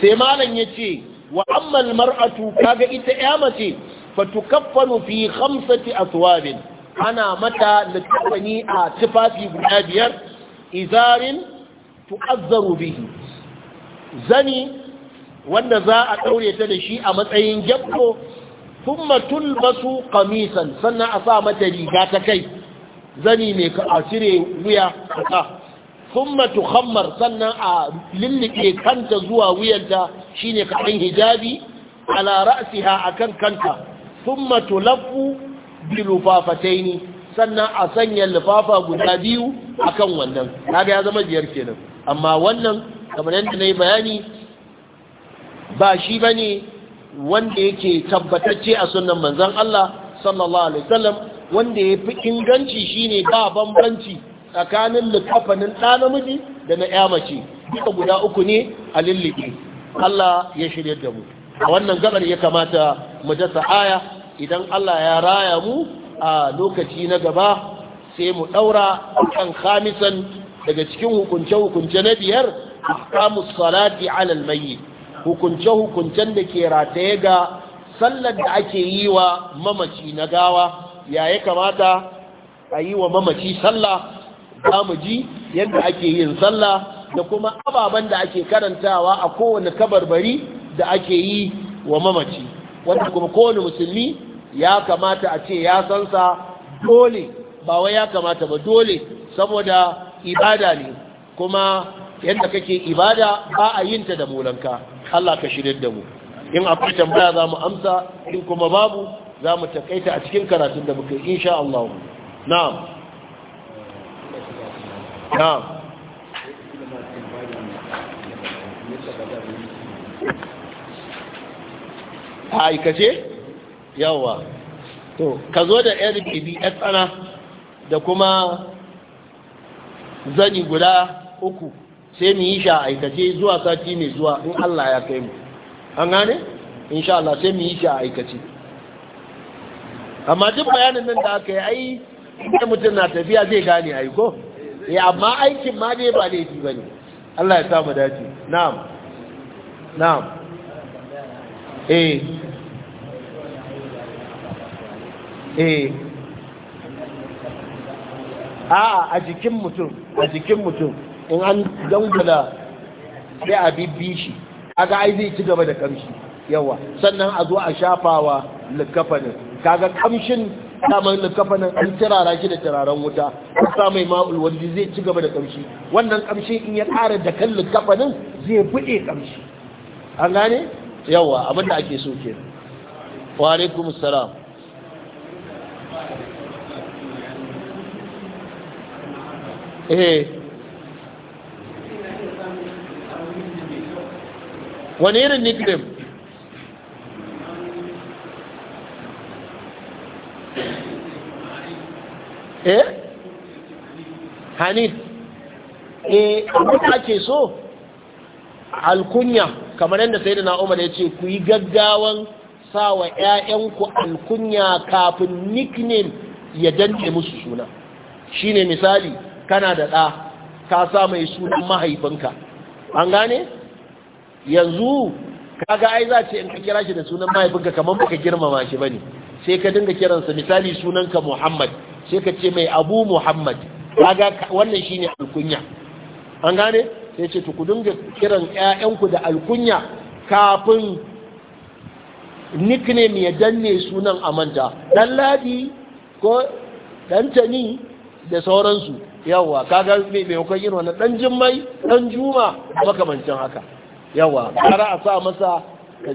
sai malam ya ce wa amma almar'atu kaga ita ya mace fatukaffalu fi khamsati aswabin ana mata littafani a tufafi guda biyar izarin tu'azzaru bihi zani wanda za a ɗaure ta da shi a matsayin gyabko thumma tulbasu qamisan sannan a sa mata riga ta kai zani mai ka a cire wuya ka thumma tukhammar sannan a lilliƙe kanta zuwa wuyanta shine kaɗan hijabi ala ra'siha akan kanta thumma tulaffu bi lufafataini sannan a sanya lufafa guda biyu akan wannan kaga ya zama jiyar kenan amma wannan kamar yadda nayi bayani ba shi bane wanda yake tabbatacce a sunnan manzon Allah sallallahu alaihi wasallam wanda yafi inganci shine ba bambanci tsakanin littafanin ɗa namiji da na ya mace duka guda uku ne a lulluɓe Allah ya shirya da mu a wannan gabar ya kamata mu dasa aya idan Allah ya raya mu a lokaci na gaba sai mu ɗaura kan khamisan daga cikin hukunce-hukunce na biyar kamu salati alal mai hukunce-hukuncen da ke rataye ga sallar da ake yi wa mamaci na gawa ya ya kamata a yi wa mamaci sallah za mu ji yadda ake yin sallah da kuma ababen da ake karantawa a kowane kabarbari da ake yi wa mamaci wanda kuma kowane musulmi ya kamata a ce ya sansa dole ba wai ya kamata ba dole saboda ibada ne kuma yadda kake ibada ba a yin ta da mulanka, Allah ka shirin da mu in akwai tambaya za mu amsa in kuma babu za mu takaita a cikin karatun da muka insha Allah na'am na'am a aikace yawa to ka zo da yar bebi yar tsana da kuma zani guda uku sai mu yi sha aikace zuwa sati mai zuwa in Allah ya kai mu an gane insha Allah sai mu yi sha aikace amma duk bayanin nan da aka yi ai mutum na tafiya zai gane aiko. ko ya eh, amma aikin ma dai ba laifi ba ne Allah ya samu dace na'am na'am eh eh a a jikin mutum a jikin mutum in an dangula sai a bibbi shi kaga ai zai ci gaba da kamshi yawa sannan a zo a shafawa likafanin kaga kamshin daman da kafanin an tirara shi da tiraran wuta an sa mai ma'ul wanda zai ci gaba da kamshi wannan kamshi in ya ƙara da kan kafanin zai buɗe kamshi an gane yawa abin da ake so ke wa alaikum salam eh wani irin nickname eh hanif eh abin ake so alkunya kamar yadda sai da na'umar ya ce ku yi gaggawan sawa wa 'ya'yanku alkunya kafin nickname ya danɗe musu suna shine misali kana da ɗa ka sa mai sunan mahaifinka an gane yanzu kaga ai za ce in ka kira shi da sunan mahaifinka kamar baka girmama shi bane sai ka dinga kiransa misali sunanka Muhammad sai ka ce mai abu muhammad kaga wannan shine alkunya an gane sai ce ku dinga kiran ƴaƴanku da alkunya kafin nickname ya danne sunan amanta dan ladi ko dan tani da sauransu yawa kaga mai maimakon yin wannan dan jimmai dan juma makamancin haka yawa kara a sa masa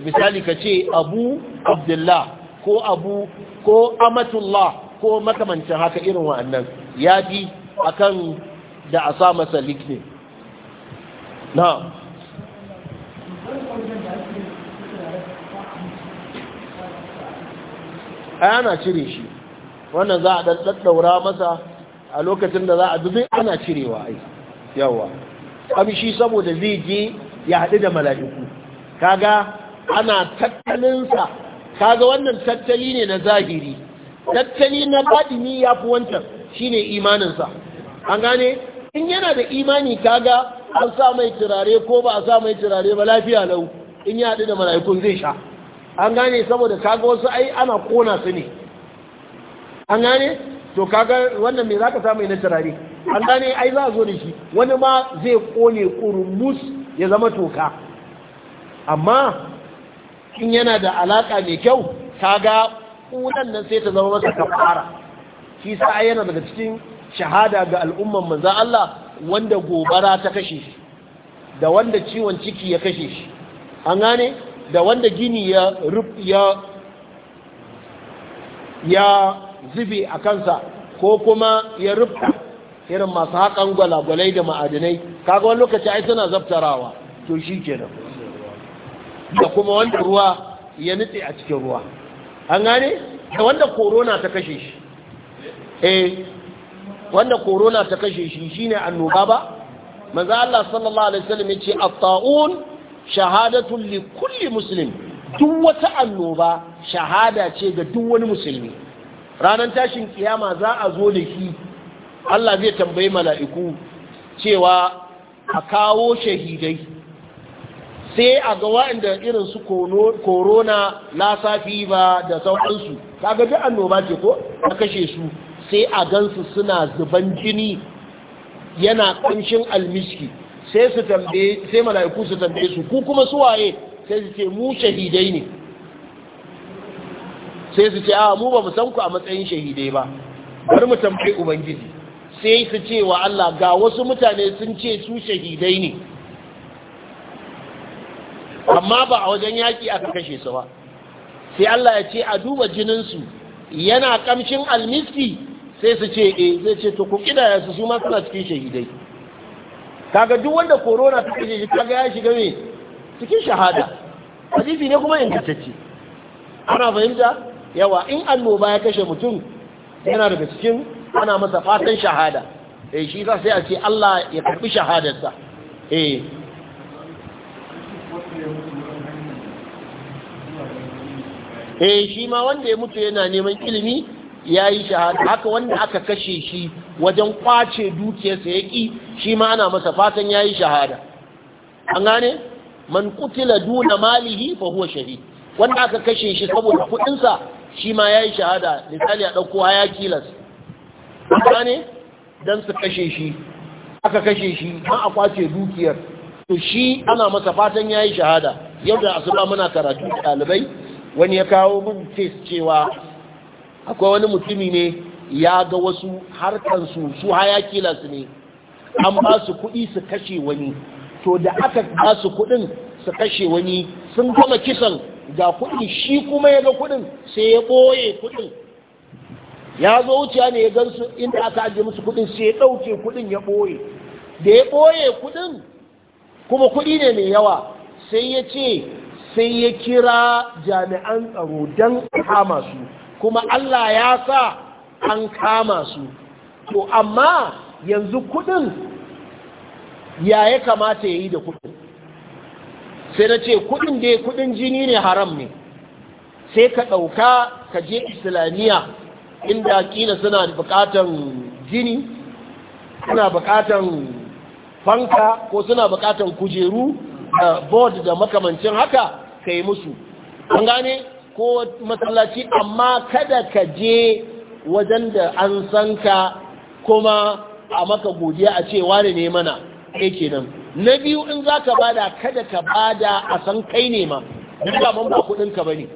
misali ka ce abu abdullah ko abu ko amatullah ko makamancin haka irin wa'annan ya bi akan da a sa masa likne na ana cire shi wannan za a daddaura masa a lokacin da za a dubi ana cirewa ai yawa kamshi saboda zai je ya haɗu da mala'iku kaga ana tattalinsa kaga wannan tattali ne na zahiri tattali na badini ya fi wancan shine imaninsa an gane in yana da imani kaga an sa mai turare ko ba a sa mai turare ba lafiya lau in ya haɗu da mala'ikun zai sha an gane saboda kaga wasu ai ana kona su ne an gane to kaga wannan me zaka mai na turare an gane ai za a zo da shi wani ma zai kone kurmus ya zama toka amma in yana da alaka mai kyau kaga kunan nan sai ta zama masa kafara shi sa yana daga cikin shahada ga al'umman manzan Allah wanda gobara ta kashe shi da wanda ciwon ciki ya kashe shi an gane da wanda gini ya ya zube a kansa ko kuma ya rufta irin masu haƙan gwalagwalai da ma'adinai kaga wani lokaci ai suna zaftarawa to shi kenan da kuma wanda ruwa ya nutse a cikin ruwa an gane da wanda korona ta kashe shi eh wanda korona ta kashe shi shine annoba ba manzo Allah sallallahu alaihi wasallam yace at-ta'un shahadatun li kulli muslim duk wata annoba shahada ce ga duk wani musulmi ranar tashin kiyama za a zo da shi Allah zai tambayi mala'iku cewa a kawo shahidai sai a ga waɗanda irin su korona na safi ba da sauransu ta duk annoba ce ko a kashe su sai a gansu suna zuban jini yana kunshin almiski sai su tambaye sai mala'iku su tambaye su ku kuma su waye sai su ce mu shahidai ne sai su ce a mu ba mu san ku a matsayin shahidai ba bari mu tambaye ubangiji sai su ce wa Allah ga wasu mutane sun ce su shahidai ne amma ba a wajen yaƙi aka kashe su ba sai Allah ya ce a duba jininsu yana kamshin almisti sai su ce eh zai ce to ku kida su su ma suna cikin shahidai kaga duk wanda korona ta kashe shi kaga ya shiga me cikin shahada hadisi ne kuma ingantacce ana fahimta yawa in annoba ya kashe mutum yana daga cikin ana masa fatan shahada eh shi sai a ce Allah ya karbi shahadarsa eh eh shi ma wanda ya mutu yana neman ilimi ya yi shahada haka wanda aka kashe shi wajen kwace dukiyarsa ya ƙi shi ma ana masa fatan ya yi shahada an gane man kutila duna malihi fa huwa shahid wanda aka kashe shi saboda kuɗinsa shi ma ya yi shahada misali a ɗauko haya kilas an gane don su kashe shi aka kashe shi don a kwace dukiyar to shi ana masa fatan yayi shahada yau da asuba muna karatu da ɗalibai wani ya kawo mun cewa akwai wani mutumi ne ya ga wasu harkansu su hayaki lasu ne an ba su kuɗi su kashe wani to da aka ba su kuɗin su kashe wani sun gama kisan ga kuɗi shi kuma ya ga kuɗin sai ya ɓoye kuɗin ya zo wuciya ne ya gansu inda aka ajiye musu kuɗin sai ya ɗauke kuɗin ya ɓoye da ya ɓoye kuɗin kuma kuɗi ne mai yawa sai ya ce sai ya kira jami'an tsaro don kama su kuma Allah ya sa an kama su to amma yanzu kuɗin ya ya kamata ya yi da kuɗin sai na ce kuɗin dai kuɗin jini ne haram ne sai ka ɗauka ka je islamiyya inda kila suna buƙatan jini suna buƙatan fanka ko suna bukatan kujeru da board da makamancin haka ka yi musu an gane ko matsalaci amma kada ka je wajen da an san ka kuma a maka godiya a cewa ware ne mana ke kenan na biyu in za ka bada kada ka bada a san kai ne ma ba ban ba kudinka ba bane,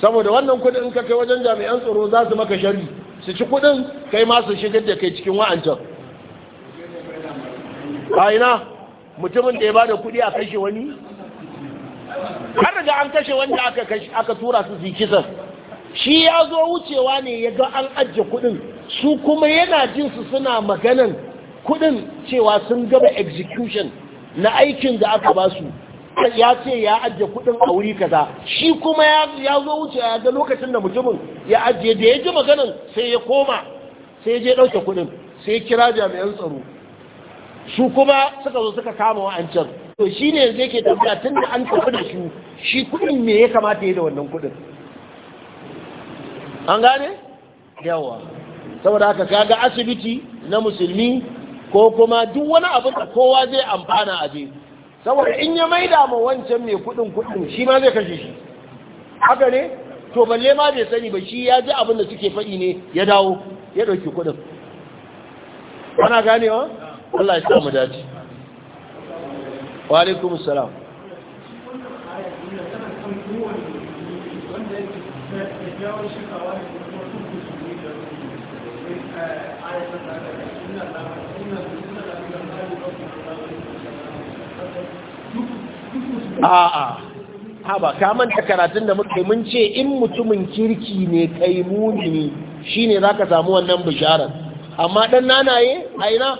saboda wannan kudin in ka kai wajen jami'an tsaro za su maka shari su ci kudin kai ma su shigar da kai cikin wa'ancan a ina mutumin da ya ba da kuɗi a kashe wani har daga an kashe wanda aka tura su su kisan shi ya zo wucewa ne ya ga an ajiye kuɗin su kuma yana jin su suna maganan kuɗin cewa sun gaba execution na aikin da aka ba su ya ce ya ajiye kuɗin a wuri kaza shi kuma ya zo wucewa ya ga lokacin da mutumin ya ajiye da ya ji maganan sai ya koma sai ya je ɗauke kuɗin sai ya kira jami'an tsaro su kuma suka zo suka kama wa'ancan to shi ne yanzu yake tafiya tun da an tafi da su shi kudin me ya kamata ya da wannan kudin an gane yawa saboda haka ga asibiti na musulmi ko kuma duk wani abin da kowa zai amfana a je saboda in ya maida ma wancan mai kudin kudin shi ma zai kashe shi haka ne to balle ma bai sani ba shi ya ji abin da suke faɗi ne ya dawo ya ɗauki kudin ana ganewa Allah ya sa mu dace wa alaikum salam a'a haba ka manta karatun da muke mun ce in mutumin kirki ne kai muni ne shine zaka samu wannan bisharar amma ɗan nanaye a ina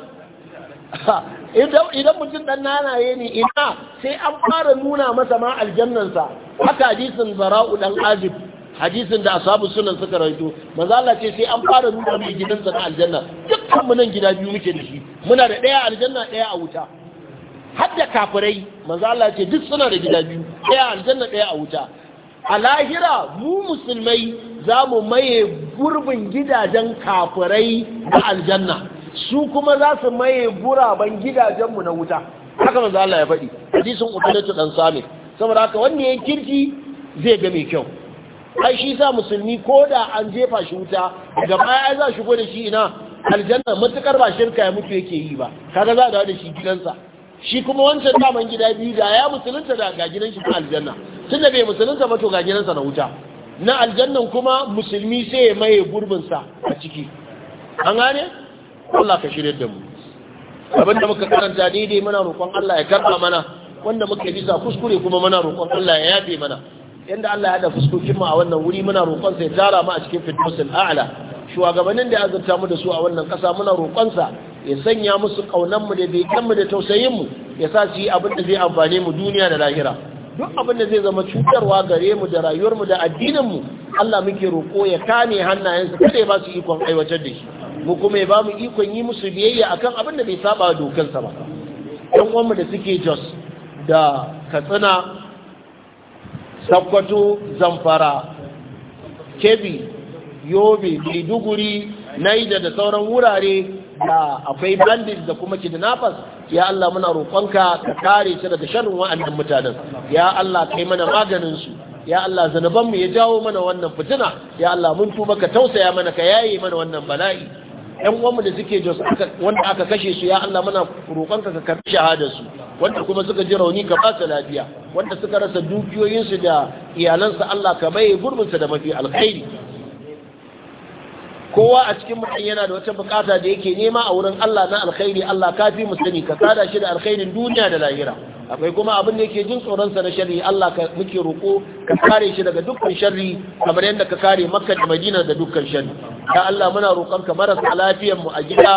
idan mutum nana nanaye ne ina sai an fara nuna masa ma aljannansa haka hadisin bara'u ɗan azib hadisin da asabu sunan suka raito, manzala ce sai an fara nuna mai gidansa na aljanna dukkan mu nan gida biyu muke da shi muna da ɗaya aljanna ɗaya a wuta har da kafirai manzala ce duk suna da gida biyu ɗaya aljanna ɗaya a wuta a lahira mu musulmai za mu maye gurbin gidajen kafirai na aljanna su kuma za su maye guraben gidajenmu na wuta haka manzo Allah ya faɗi hadisin ubadatu dan sami saboda haka wanda ya kirki zai ga mai kyau ai shi sa musulmi da an jefa shi wuta daga baya za shigo da shi ina aljanna matuƙar ba shirka ya mutu yake yi ba kaga za da shi gidansa shi kuma wancan daman gida biyu da ya musulunta da ga gidan shi aljanna tun da bai musulunta ba to ga gidansa na wuta na aljannan kuma musulmi sai ya maye gurbinsa a ciki an gane Allah ka shirye da mu abin da muka karanta daidai muna roƙon Allah ya karba mana wanda muka bisa kuskure kuma muna roƙon Allah ya yafe mana yanda Allah ya da fuskokin mu a wannan wuri muna roƙon sa ya tara mu a cikin fitnusul a'la shugabannin da ya azurta mu da su a wannan ƙasa muna roƙon sa ya sanya musu kaunan mu da begen mu da tausayin mu ya sa su yi abin da zai amfane mu duniya da lahira duk abin da zai zama cutarwa gare mu da rayuwar mu da addinin mu Allah muke roƙo ya kame hannayensu kada ya ba su ikon aiwatar da shi mu kuma ya mu ikon yi musu biyayya akan abin da bai saba dokansa ba ɗan uwanmu da suke jos da katsina sakkwato zamfara kebi yobe maiduguri naida da sauran wurare da akwai bandit da kuma kidnappers ya Allah muna roƙonka ka kare su daga sharrin wa'annan mutanen ya Allah kai mana maganin su ya Allah zanubanmu ya jawo mana wannan fitina ya Allah mun tuba ka tausaya mana ka yaye mana wannan bala'i yan uwanmu da suke jos wanda aka kashe su ya Allah muna roƙonka ka ka shahada su wanda kuma suka ji rauni ka ba su lafiya wanda suka rasa dukiyoyinsu da iyalansu Allah ka baye gurbinsa da mafi alkhairi kowa a cikin mutum yana da wata bukata da yake nema a wurin Allah na alkhairi Allah kafi mu sani ka tsada shi da alkhairin duniya da lahira akwai kuma abin da yake jin tsoron sa na sharri Allah ka muke roko ka kare shi daga dukkan sharri kamar yadda ka kare Makka da Madina da dukkan sharri ya Allah muna roƙon ka marasa lafiyar mu a gida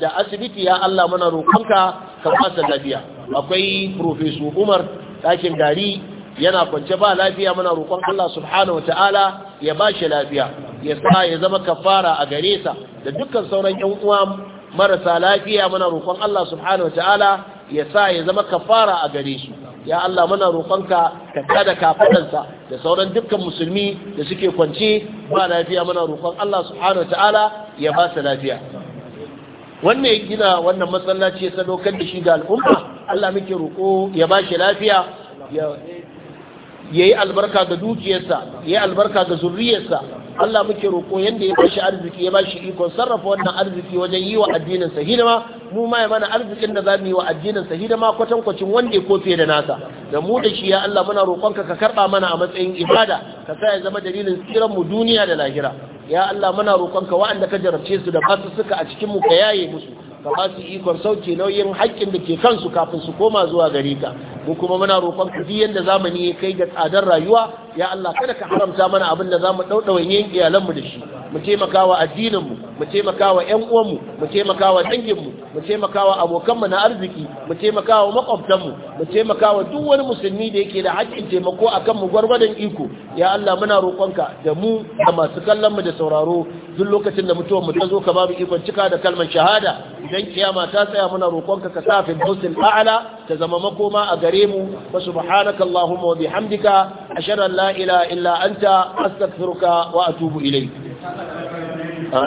da asibiti ya Allah muna roƙon ka ka ba lafiya akwai professor Umar ɗakin gari yana kwance ba lafiya muna roƙon Allah subhanahu wataala ya ba shi lafiya ya sa ya zama kafara a gare sa da dukkan sauran ƴan uwa marasa lafiya muna roƙon Allah subhanahu wataala ya sa ya zama kafara a gare su ya Allah muna roƙon ka kada sa da sauran dukkan musulmi da suke kwance ba lafiya muna roƙon Allah subhanahu wataala ya ba su lafiya wannan ya gina wannan masallaci ya sadaukar da shi ga al'umma Allah muke roƙo ya ba shi lafiya ya yi albarka ga dukiyarsa ya yi albarka ga zurriyarsa Allah muke roƙo yadda ya bashi arziki ya bashi ikon sarrafa wannan arziki wajen yi wa addinin sa hidima mu ma mana arzikin da zamu yi wa addinin sa hidima kwatankwacin wanda ya kofe da nasa da mu da shi ya Allah muna roƙonka ka karɓa mana a matsayin ibada ka sa ya zama dalilin tsiran mu duniya da lahira ya Allah muna roƙonka wa'anda ka jarabce su da basu suka a cikin mu ka yaye musu ka ba su ikon sauke nauyin haƙƙin da ke kansu kafin su koma zuwa gare ka mu kuma muna roƙon ku duk yanda zamani ya kai ga tsadar rayuwa ya Allah kada ka haramta mana abin da zamu daudawa yin iyalan mu da shi mu taimakawa addinin mu mu taimakawa ƴan uwan mu mu taimaka dangin mu mu taimakawa abokan mu na arziki mu taimakawa makwabtan mu mu taimakawa duk wani musulmi da yake da haƙƙin taimako akan mu gwargwadon iko ya Allah muna roƙonka da mu da masu kallon mu da sauraro duk lokacin da mutuwar mu ta zo ka babu ikon cika da kalmar shahada idan kiyama ta tsaya muna roƙonka ka sa fi ta zama makoma a gare mu wa subhanaka allahumma wa bihamdika ashhadu an la ilaha illa anta astaghfiruka wa atubu ilayk